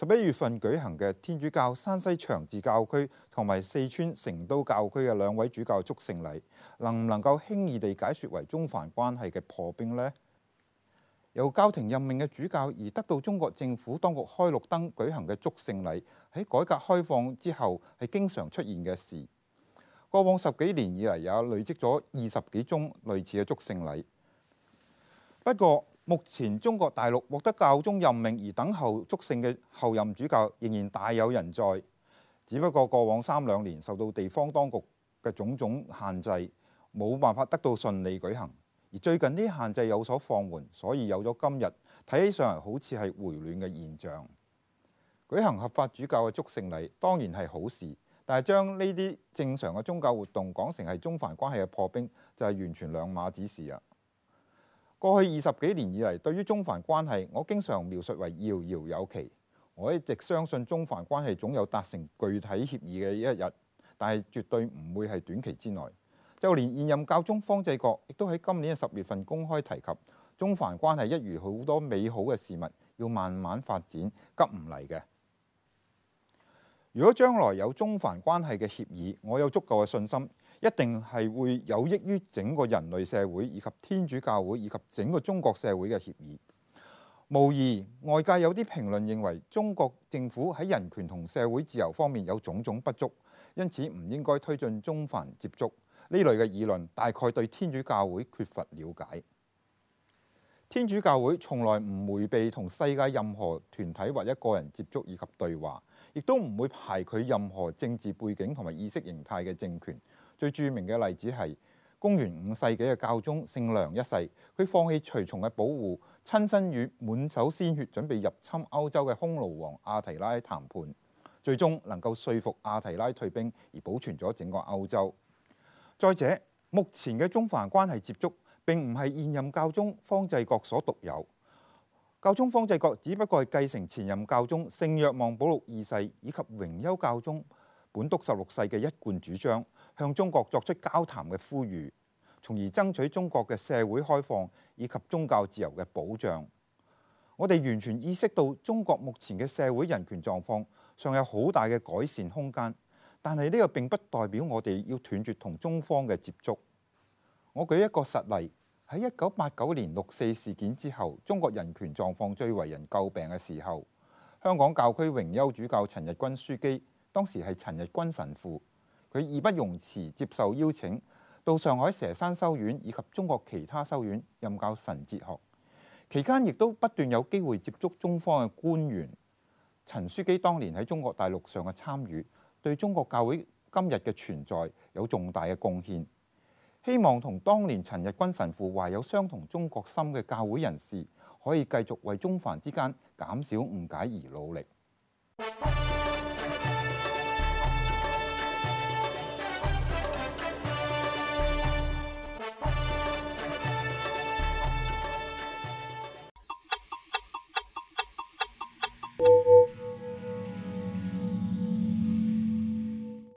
十一月份舉行嘅天主教山西長治教區同埋四川成都教區嘅兩位主教祝聖禮，能唔能夠輕易地解説為中梵關係嘅破冰呢？由教廷任命嘅主教而得到中國政府當局開綠燈舉行嘅祝聖禮，喺改革開放之後係經常出現嘅事。過往十幾年以嚟，也累積咗二十幾宗類似嘅祝聖禮。不過，目前中國大陸獲得教宗任命而等候祝聖嘅候任主教仍然大有人在，只不過過往三兩年受到地方當局嘅種種限制，冇辦法得到順利舉行。而最近啲限制有所放緩，所以有咗今日，睇起上嚟好似係回暖嘅現象。舉行合法主教嘅祝聖禮當然係好事，但係將呢啲正常嘅宗教活動講成係中梵關係嘅破冰，就係、是、完全兩碼子事啊！過去二十幾年以嚟，對於中梵關係，我經常描述為遙遙有期。我一直相信中梵關係總有達成具體協議嘅一日，但係絕對唔會係短期之內。就連現任教宗方濟各亦都喺今年嘅十月份公開提及，中梵關係一如好多美好嘅事物，要慢慢發展，急唔嚟嘅。如果將來有中梵關係嘅協議，我有足夠嘅信心。一定係會有益於整個人類社會，以及天主教會，以及整個中國社會嘅協議。無疑，外界有啲評論認為中國政府喺人權同社會自由方面有種種不足，因此唔應該推進中梵接觸。呢類嘅議論大概對天主教會缺乏了解。天主教會從來唔迴避同世界任何團體或一個人接觸以及對話，亦都唔會排拒任何政治背景同埋意識形態嘅政權。最著名嘅例子係公元五世紀嘅教宗聖良一世，佢放棄隨從嘅保護，親身與滿手鮮血準備入侵歐洲嘅匈奴王阿提拉談判，最終能夠說服阿提拉退兵而保存咗整個歐洲。再者，目前嘅中梵關係接觸。並唔係現任教宗方濟各所獨有，教宗方濟各只不過係繼承前任教宗聖若望保祿二世以及榮休教宗本篤十六世嘅一貫主張，向中國作出交談嘅呼籲，從而爭取中國嘅社會開放以及宗教自由嘅保障。我哋完全意識到中國目前嘅社會人權狀況尚有好大嘅改善空間，但係呢個並不代表我哋要斷絕同中方嘅接觸。我舉一個實例，喺一九八九年六四事件之後，中國人權狀況最為人詬病嘅時候，香港教區榮休主教陳日君樞機，當時係陳日君神父，佢義不容辭接受邀請，到上海佘山修院以及中國其他修院任教神哲學，期間亦都不斷有機會接觸中方嘅官員。陳樞機當年喺中國大陸上嘅參與，對中國教會今日嘅存在有重大嘅貢獻。希望同當年陳日君神父懷有相同中國心嘅教會人士，可以繼續為中梵之間減少誤解而努力。